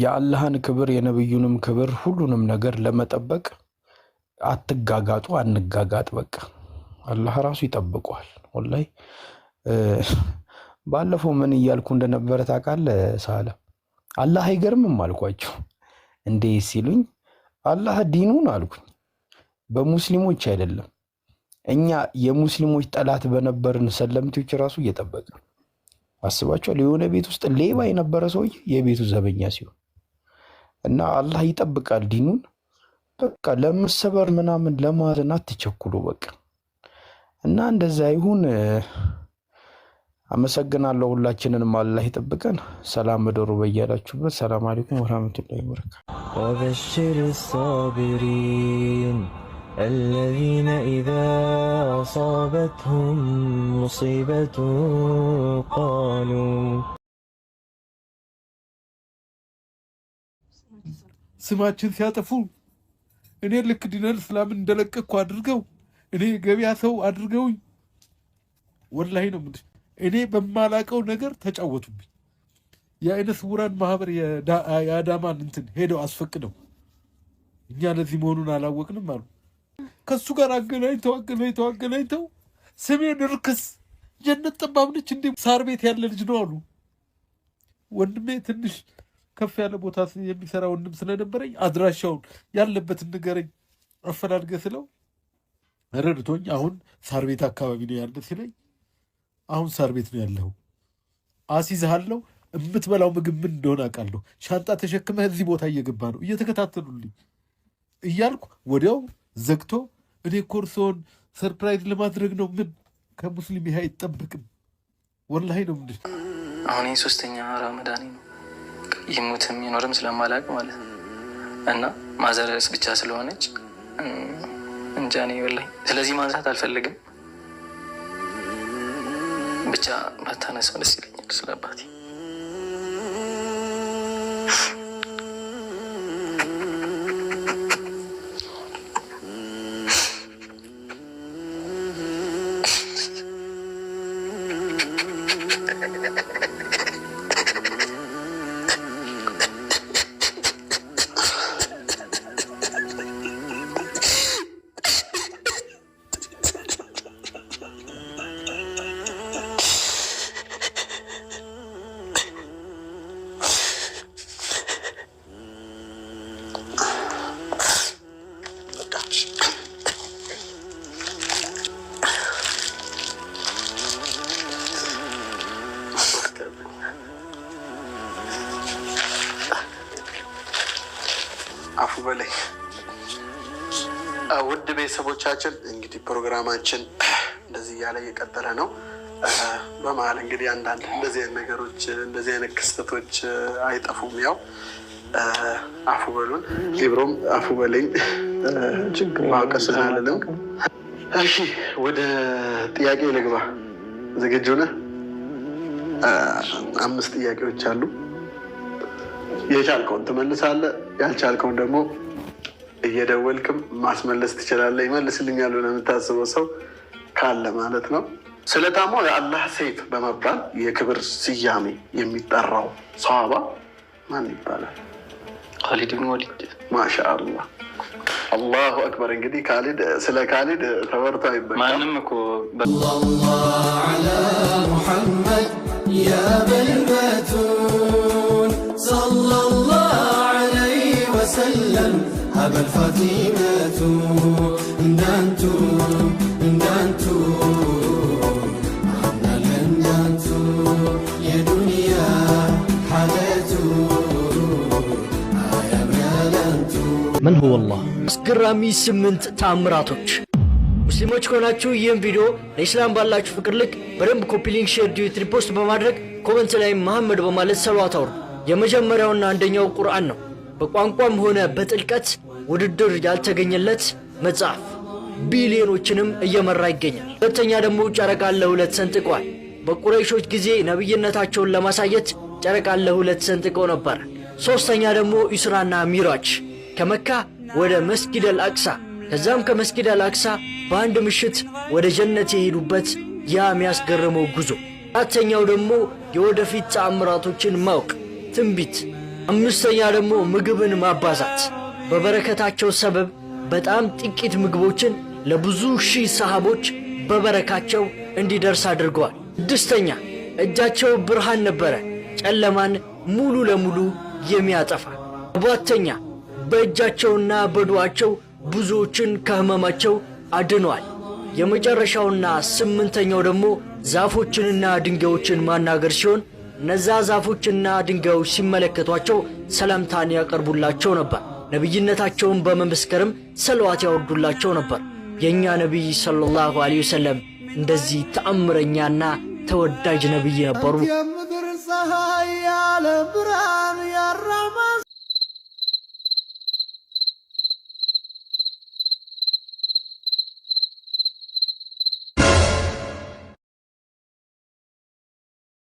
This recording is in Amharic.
የአላህን ክብር የነብዩንም ክብር ሁሉንም ነገር ለመጠበቅ አትጋጋጡ፣ አንጋጋጥ። በቃ አላህ ራሱ ይጠብቋል ወላሂ ባለፈው ምን እያልኩ እንደነበረ ታውቃለህ? ሳለ አላህ አይገርምም አልኳቸው። እንዴ ሲሉኝ አላህ ዲኑን አልኩኝ በሙስሊሞች አይደለም እኛ የሙስሊሞች ጠላት በነበርን ሰለምቲዎች ራሱ እየጠበቀ አስባቸዋል። የሆነ ቤት ውስጥ ሌባ የነበረ ሰውዬ የቤቱ ዘበኛ ሲሆን እና አላህ ይጠብቃል ዲኑን። በቃ ለመሰበር ምናምን ለማዘን አትቸኩሉ። በቃ እና እንደዛ ይሁን። አመሰግናለሁ። ሁላችንንም አላህ ይጠብቀን። ሰላም እደሩ በያላችሁበት። ሰላም አለይኩም ወራህመቱላሂ ወበረካቱ። ወበሽር ሳቢሪን الذين إذا أصابتهم مصيبة قالوا ስማችን ሲያጠፉ እኔ ልክ ዲነል እስላምን እንደለቀኩ አድርገው እኔ የገበያ ሰው አድርገውኝ ወላሂ ነው ምድ እኔ በማላቀው ነገር ተጫወቱብኝ። የአይነ ስውራን ማህበር የአዳማን እንትን ሄደው አስፈቅደው እኛ ለዚህ መሆኑን አላወቅንም አሉ። ከሱ ጋር አገናኝተው አገናኝተው አገናኝተው ስሜን ርክስ ጀነት ጠባብ ነች ሳር ቤት ያለ ልጅ ነው አሉ። ወንድሜ ትንሽ ከፍ ያለ ቦታ የሚሰራ ወንድም ስለነበረኝ አድራሻውን ያለበትን ንገረኝ አፈላልገ ስለው ረድቶኝ አሁን ሳር ቤት አካባቢ ነው ያለ ሲለኝ አሁን ሳር ቤት ነው ያለው አሲዝሃለሁ የምትበላው ምግብ ምን እንደሆነ አውቃለሁ። ሻንጣ ተሸክመህ እዚህ ቦታ እየገባ ነው እየተከታተሉልኝ እያልኩ ወዲያው ዘግቶ እኔ ኮርሶን ሰርፕራይዝ ለማድረግ ነው። ምን ከሙስሊም ይህ አይጠበቅም። ወላሂ ነው ምንድን አሁን ሶስተኛ ራመዳኔ ነው ይሙትም ይኖርም ስለማላቅ ማለት ነው እና ማዘረስ ብቻ ስለሆነች እንጃ እኔ በላኝ። ስለዚህ ማንሳት አልፈልግም። ብቻ ባታነሳው ደስ ይለኛል ስለአባቴ አፉ በላይ ውድ ቤተሰቦቻችን እንግዲህ ፕሮግራማችን እንደዚህ እያለ እየቀጠለ ነው። በመሀል እንግዲህ አንዳንድ እንደዚህ አይነት ነገሮች እንደዚህ አይነት ክስተቶች አይጠፉም ያው አፉ በሉን። ሊብሮም አፉ በለኝ ማውቀስን አልልም። እሺ ወደ ጥያቄ ልግባ። ዝግጁ ነህ? አምስት ጥያቄዎች አሉ። የቻልከውን ትመልሳለህ፣ ያልቻልከውን ደግሞ እየደወልክም ማስመለስ ትችላለህ። ይመልስልኛል ብለህ የምታስበው ሰው ካለ ማለት ነው። ስለታሞ የአላህ ሴት በመባል የክብር ስያሜ የሚጠራው ሰዋባ ማን ይባላል? خالد بن وليد ما شاء الله الله اكبر انجدي خالد سلا خالد تورطا ما نمكو ب... الله على محمد يا بلبتون صلى الله عليه وسلم هب الفاتنه መን ሁወ አላህ አስገራሚ ስምንት ታምራቶች ሙስሊሞች ከሆናችሁ ይህም ቪዲዮ ለኢስላም ባላችሁ ፍቅር ልክ በደንብ ኮፒሊንግ ሼር ዲዩት ሪፖስት በማድረግ ኮመንት ላይ መሐመድ በማለት ሰሏት አውሩ። የመጀመሪያውና አንደኛው ቁርአን ነው። በቋንቋም ሆነ በጥልቀት ውድድር ያልተገኘለት መጽሐፍ ቢሊዮኖችንም እየመራ ይገኛል። ሁለተኛ ደግሞ ጨረቃ ለሁለት ሰንጥቀዋል። በቁረይሾች ጊዜ ነቢይነታቸውን ለማሳየት ጨረቃ ለሁለት ሰንጥቀው ነበር። ሦስተኛ ደግሞ ኢስራና ሚራች ከመካ ወደ መስጊድ አልአቅሳ ከዛም ከመስጊድ አልአቅሳ በአንድ ምሽት ወደ ጀነት የሄዱበት ያ የሚያስገርመው ጉዞ። አራተኛው ደግሞ የወደፊት ተአምራቶችን ማወቅ ትንቢት። አምስተኛ ደግሞ ምግብን ማባዛት። በበረከታቸው ሰበብ በጣም ጥቂት ምግቦችን ለብዙ ሺህ ሰሃቦች በበረካቸው እንዲደርስ አድርገዋል። ስድስተኛ እጃቸው ብርሃን ነበረ፣ ጨለማን ሙሉ ለሙሉ የሚያጠፋ። ሰባተኛ በእጃቸውና በዱዋቸው ብዙዎችን ከህመማቸው አድኗል። የመጨረሻውና ስምንተኛው ደግሞ ዛፎችንና ድንጋዮችን ማናገር ሲሆን እነዛ ዛፎችና ድንጋዮች ሲመለከቷቸው ሰላምታን ያቀርቡላቸው ነበር። ነቢይነታቸውን በመመስከርም ሰለዋት ያወርዱላቸው ነበር። የእኛ ነቢይ ሰለላሁ ዐለይሂ ወሰለም እንደዚህ ተአምረኛና ተወዳጅ ነቢይ ነበሩ።